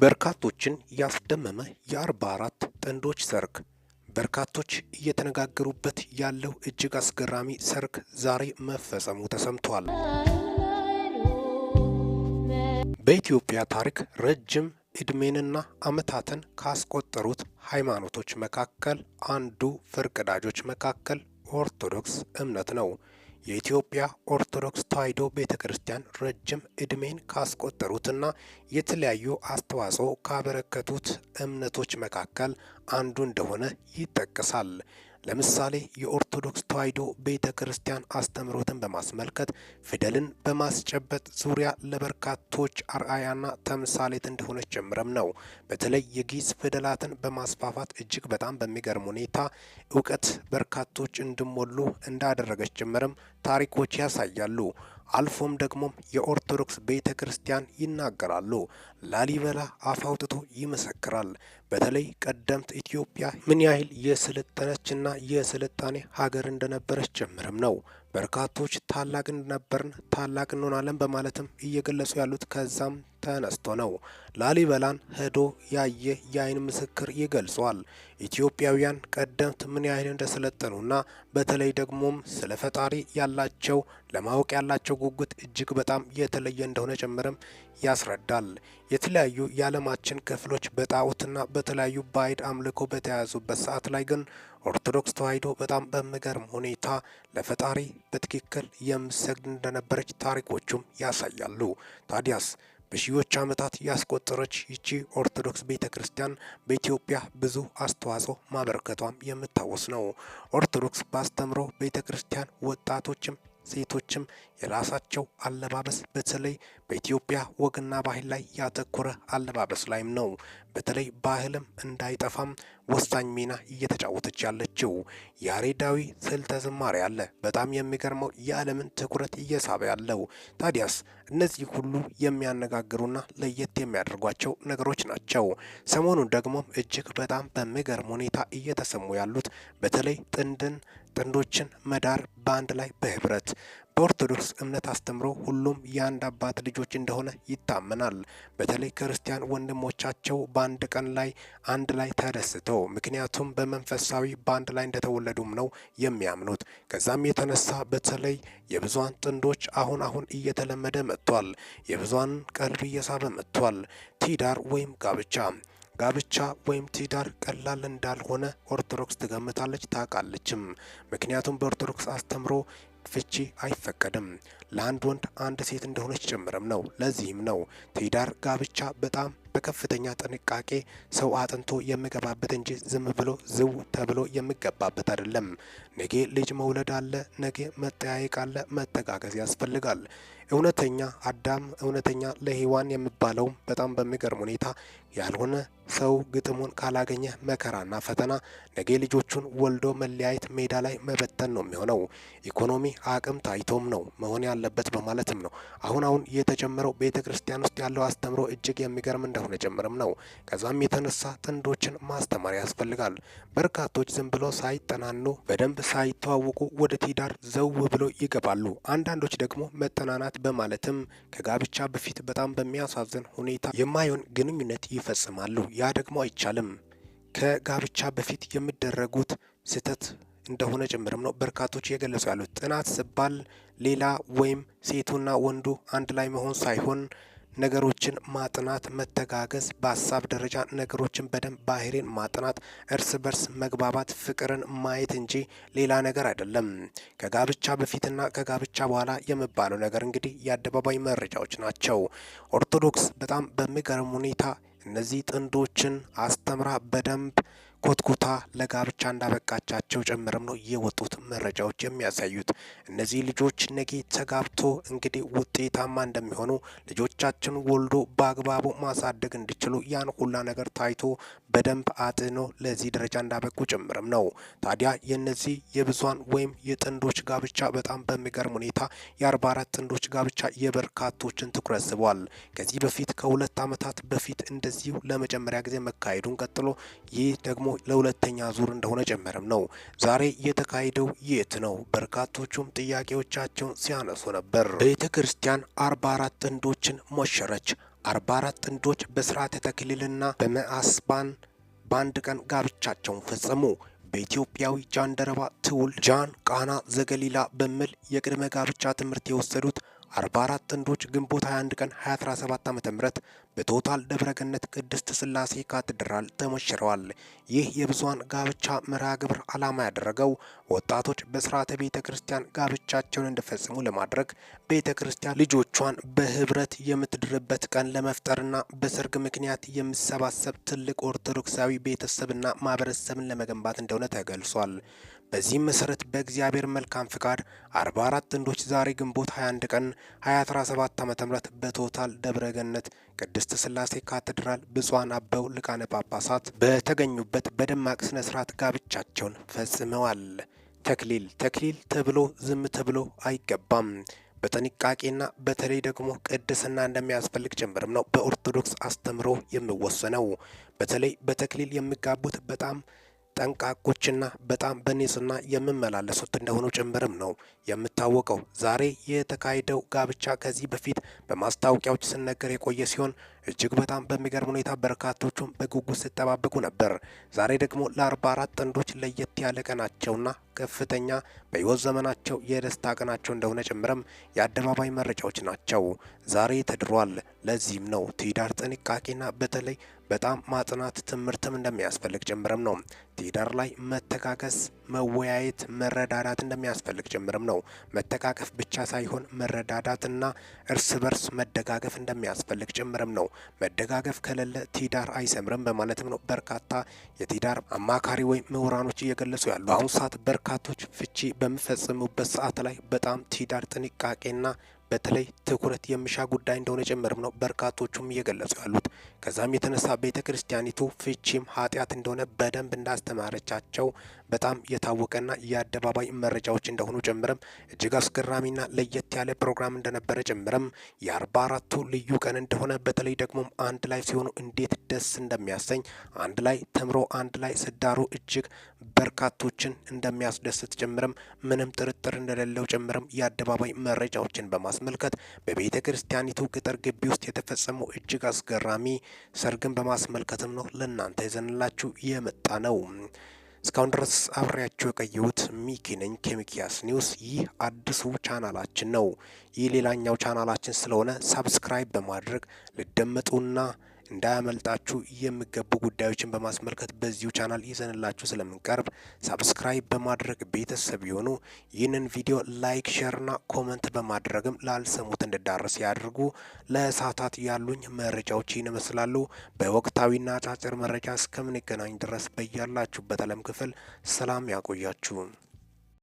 በርካቶችን ያስደመመ የአርባ አራት ጥንዶች ሰርግ በርካቶች እየተነጋገሩበት ያለው እጅግ አስገራሚ ሰርግ ዛሬ መፈጸሙ ተሰምቷል። በኢትዮጵያ ታሪክ ረጅም እድሜንና ዓመታትን ካስቆጠሩት ሃይማኖቶች መካከል አንዱ ፈርቀዳጆች መካከል ኦርቶዶክስ እምነት ነው። የኢትዮጵያ ኦርቶዶክስ ተዋሕዶ ቤተ ክርስቲያን ረጅም ዕድሜን ካስቆጠሩትና የተለያዩ አስተዋጽኦ ካበረከቱት እምነቶች መካከል አንዱ እንደሆነ ይጠቀሳል። ለምሳሌ የኦርቶዶክስ ተዋሕዶ ቤተ ክርስቲያን አስተምህሮትን በማስመልከት ፊደልን በማስጨበጥ ዙሪያ ለበርካቶች አርአያና ተምሳሌት እንደሆነች ጭምርም ነው። በተለይ የጊዝ ፊደላትን በማስፋፋት እጅግ በጣም በሚገርም ሁኔታ እውቀት በርካቶች እንዲሞሉ እንዳደረገች ጭምርም ታሪኮች ያሳያሉ። አልፎም ደግሞ የኦርቶዶክስ ቤተ ክርስቲያን ይናገራሉ። ላሊበላ አፍ አውጥቶ ይመሰክራል። በተለይ ቀደምት ኢትዮጵያ ምን ያህል የስልጠነችና የስልጣኔ ሀገር እንደነበረች ጭምርም ነው። በርካቶች ታላቅ እንደነበርን ታላቅ እንሆናለን በማለትም እየገለጹ ያሉት ከዛም ተነስቶ ነው። ላሊበላን ሄዶ ያየ የአይን ምስክር ይገልጿል። ኢትዮጵያውያን ቀደምት ምን ያህል እንደሰለጠኑና በተለይ ደግሞም ስለ ፈጣሪ ያላቸው ለማወቅ ያላቸው ጉጉት እጅግ በጣም የተለየ እንደሆነ ጭምርም ያስረዳል። የተለያዩ የዓለማችን ክፍሎች በጣዖትና በተለያዩ ባዕድ አምልኮ በተያያዙበት ሰዓት ላይ ግን ኦርቶዶክስ ተዋሕዶ በጣም በሚገርም ሁኔታ ለፈጣሪ በትክክል የምሰግድ እንደነበረች ታሪኮቹም ያሳያሉ። ታዲያስ በሺዎች ዓመታት ያስቆጠረች ይቺ ኦርቶዶክስ ቤተ ክርስቲያን በኢትዮጵያ ብዙ አስተዋጽኦ ማበረከቷም የሚታወስ ነው። ኦርቶዶክስ ባስተምሮ ቤተ ክርስቲያን ወጣቶችም ሴቶችም የራሳቸው አለባበስ በተለይ በኢትዮጵያ ወግና ባህል ላይ ያተኮረ አለባበስ ላይም ነው። በተለይ ባህልም እንዳይጠፋም ወሳኝ ሚና እየተጫወተች ያለችው ያሬዳዊ ስልተ ዝማሬ አለ። በጣም የሚገርመው የዓለምን ትኩረት እየሳበ ያለው። ታዲያስ እነዚህ ሁሉ የሚያነጋግሩና ለየት የሚያደርጓቸው ነገሮች ናቸው። ሰሞኑን ደግሞ እጅግ በጣም በሚገርም ሁኔታ እየተሰሙ ያሉት በተለይ ጥንድን ጥንዶችን መዳር በአንድ ላይ በህብረት በኦርቶዶክስ እምነት አስተምሮ ሁሉም የአንድ አባት ልጆች እንደሆነ ይታመናል። በተለይ ክርስቲያን ወንድሞቻቸው በአንድ ቀን ላይ አንድ ላይ ተደስተው ምክንያቱም በመንፈሳዊ በአንድ ላይ እንደተወለዱም ነው የሚያምኑት። ከዛም የተነሳ በተለይ የብዙን ጥንዶች አሁን አሁን እየተለመደ መጥቷል። የብዙን ቀልብ እየሳበ መጥቷል። ቲዳር ወይም ጋብቻ ጋብቻ ወይም ትዳር ቀላል እንዳልሆነ ኦርቶዶክስ ትገምታለች ታውቃለችም። ምክንያቱም በኦርቶዶክስ አስተምሮ ፍቺ አይፈቀድም። ለአንድ ወንድ አንድ ሴት እንደሆነች ጭምርም ነው። ለዚህም ነው ትዳር ጋብቻ በጣም በከፍተኛ ጥንቃቄ ሰው አጥንቶ የሚገባበት እንጂ ዝም ብሎ ዝው ተብሎ የሚገባበት አይደለም። ነገ ልጅ መውለድ አለ፣ ነገ መጠያየቅ አለ፣ መተጋገዝ ያስፈልጋል። እውነተኛ አዳም እውነተኛ ለሔዋን የሚባለውም በጣም በሚገርም ሁኔታ ያልሆነ ሰው ግጥሙን ካላገኘ መከራና ፈተና ነገ ልጆቹን ወልዶ መለያየት ሜዳ ላይ መበተን ነው የሚሆነው። ኢኮኖሚ አቅም ታይቶም ነው መሆን ያለበት በማለትም ነው አሁን አሁን የተጀመረው ቤተ ክርስቲያን ውስጥ ያለው አስተምሮ እጅግ የሚገርም እንደሆነ ጭምርም ነው። ከዛም የተነሳ ጥንዶችን ማስተማር ያስፈልጋል። በርካቶች ዝም ብሎ ሳይጠናኑ በደንብ ሳይተዋወቁ ወደ ትዳር ዘው ብሎ ይገባሉ። አንዳንዶች ደግሞ መጠናናት በማለትም ከጋብቻ በፊት በጣም በሚያሳዝን ሁኔታ የማይሆን ግንኙነት ይፈጽማሉ። ያ ደግሞ አይቻልም። ከጋብቻ በፊት የሚደረጉት ስህተት እንደሆነ ጭምርም ነው በርካቶች እየገለጹ ያሉት። ጥናት ሲባል ሌላ ወይም ሴቱና ወንዱ አንድ ላይ መሆን ሳይሆን ነገሮችን ማጥናት፣ መተጋገዝ፣ በሀሳብ ደረጃ ነገሮችን በደንብ ባህሬን ማጥናት፣ እርስ በርስ መግባባት፣ ፍቅርን ማየት እንጂ ሌላ ነገር አይደለም። ከጋብቻ በፊትና ከጋብቻ በኋላ የሚባለው ነገር እንግዲህ የአደባባይ መረጃዎች ናቸው። ኦርቶዶክስ በጣም በሚገርም ሁኔታ እነዚህ ጥንዶችን አስተምራ በደንብ ኮትኩታ ለጋብቻ እንዳበቃቻቸው ጭምርም ነው የወጡት መረጃዎች የሚያሳዩት። እነዚህ ልጆች ነጌ ተጋብቶ እንግዲህ ውጤታማ እንደሚሆኑ ልጆቻችን ወልዶ በአግባቡ ማሳደግ እንዲችሉ ያን ሁላ ነገር ታይቶ በደንብ አጥኖ ለዚህ ደረጃ እንዳበቁ ጭምርም ነው። ታዲያ የነዚህ የብዙሃን ወይም የጥንዶች ጋብቻ በጣም በሚገርም ሁኔታ የአርባ አራት ጥንዶች ጋብቻ የበርካቶችን ትኩረት ስቧል። ከዚህ በፊት ከሁለት ዓመታት በፊት እንደዚሁ ለመጀመሪያ ጊዜ መካሄዱን ቀጥሎ ይህ ደግሞ ለሁለተኛ ዙር እንደሆነ ጀመረም ነው። ዛሬ የተካሄደው የት ነው? በርካቶቹም ጥያቄዎቻቸውን ሲያነሱ ነበር። ቤተ ክርስቲያን አርባ አራት ጥንዶችን ሞሸረች። 44 ጥንዶች በስርዓተ ተክሊልና በመአስባን በአንድ ቀን ጋብቻቸውን ፈጸሙ። በኢትዮጵያዊ ጃንደረባ ትውል ጃን ቃና ዘገሊላ በሚል የቅድመ ጋብቻ ትምህርት የወሰዱት 44 ጥንዶች ግንቦት 21 ቀን 2017 ዓ.ም በቶታል ደብረገነት ቅድስት ስላሴ ካቴድራል ተሞሽረዋል። ይህ የብዙሃን ጋብቻ መርሃ ግብር ዓላማ ያደረገው ወጣቶች በስርዓተ ቤተ ክርስቲያን ጋብቻቸውን እንዲፈጽሙ ለማድረግ ቤተ ክርስቲያን ልጆቿን በህብረት የምትድርበት ቀን ለመፍጠርና በሰርግ ምክንያት የምሰባሰብ ትልቅ ኦርቶዶክሳዊ ቤተሰብና ማህበረሰብን ለመገንባት እንደሆነ ተገልጿል። በዚህም መሰረት በእግዚአብሔር መልካም ፍቃድ 44 ጥንዶች ዛሬ ግንቦት 21 ቀን 2017 ዓ.ም በቶታል ደብረ ገነት ቅድስት ስላሴ ካቴድራል ብፁዓን አበው ልቃነ ጳጳሳት በተገኙበት በደማቅ ስነ ስርዓት ጋብቻቸውን ፈጽመዋል። ተክሊል ተክሊል ተብሎ ዝም ተብሎ አይገባም። በጥንቃቄና በተለይ ደግሞ ቅድስና እንደሚያስፈልግ ጭምርም ነው በኦርቶዶክስ አስተምሮ የሚወሰነው። በተለይ በተክሊል የሚጋቡት በጣም ጠንቃቆችና በጣም በኔስና የምመላለሱት እንደሆኑ ጭምርም ነው የምታወቀው። ዛሬ የተካሄደው ጋብቻ ከዚህ በፊት በማስታወቂያዎች ስነገር የቆየ ሲሆን እጅግ በጣም በሚገርም ሁኔታ በርካቶቹም በጉጉት ሲጠባበቁ ነበር። ዛሬ ደግሞ ለአርባ አራት ጥንዶች ለየት ያለ ቀናቸውና ከፍተኛ በህይወት ዘመናቸው የደስታ ቀናቸው እንደሆነ ጭምርም የአደባባይ መረጃዎች ናቸው። ዛሬ ተድሯል። ለዚህም ነው ትዳር ጥንቃቄና በተለይ በጣም ማጥናት ትምህርትም እንደሚያስፈልግ ጭምርም ነው። ትዳር ላይ መተጋገስ መወያየት፣ መረዳዳት እንደሚያስፈልግ ጭምርም ነው። መተቃቀፍ ብቻ ሳይሆን መረዳዳትና እርስ በርስ መደጋገፍ እንደሚያስፈልግ ጭምርም ነው። መደጋገፍ ከሌለ ትዳር አይሰምርም በማለትም ነው በርካታ የትዳር አማካሪ ወይም ምሁራኖች እየገለጹ ያሉ። በአሁኑ ሰዓት በርካቶች ፍቺ በሚፈጽሙበት ሰዓት ላይ በጣም ትዳር ጥንቃቄና በተለይ ትኩረት የሚሻ ጉዳይ እንደሆነ ጭምርም ነው በርካቶቹም እየገለጹ ያሉት። ከዛም የተነሳ ቤተ ክርስቲያኒቱ ፍቺም ኃጢአት እንደሆነ በደንብ እንዳስተማረቻቸው በጣም የታወቀና የአደባባይ መረጃዎች እንደሆኑ ጭምርም እጅግ አስገራሚና ለየት ያለ ፕሮግራም እንደነበረ ጭምርም የአርባ አራቱ ልዩ ቀን እንደሆነ በተለይ ደግሞ አንድ ላይ ሲሆኑ እንዴት ደስ እንደሚያሰኝ አንድ ላይ ተምሮ አንድ ላይ ስዳሩ እጅግ በርካቶችን እንደሚያስደስት ጭምርም ምንም ጥርጥር እንደሌለው ጭምርም የአደባባይ መረጃዎችን በማስመልከት በቤተ ክርስቲያኒቱ ቅጥር ግቢ ውስጥ የተፈጸመው እጅግ አስገራሚ ሰርግን በማስመልከትም ነው ለእናንተ ይዘንላችሁ የመጣ ነው። እስካሁን ድረስ አብሬያቸው የቀየሁት ሚኪ ነኝ ከሚኪያስ ኒውስ። ይህ አዲሱ ቻናላችን ነው። ይህ ሌላኛው ቻናላችን ስለሆነ ሳብስክራይብ በማድረግ ልደመጡና እንዳያመልጣችሁ የሚገቡ ጉዳዮችን በማስመልከት በዚሁ ቻናል ይዘንላችሁ ስለምንቀርብ ሳብስክራይብ በማድረግ ቤተሰብ የሆኑ ይህንን ቪዲዮ ላይክ፣ ሼርና ኮመንት በማድረግም ላልሰሙት እንድዳረስ ያድርጉ። ለእሳታት ያሉኝ መረጃዎች ይህን ይመስላሉ። በወቅታዊና አጫጭር መረጃ እስከምንገናኝ ድረስ በያላችሁበት ዓለም ክፍል ሰላም ያቆያችሁ።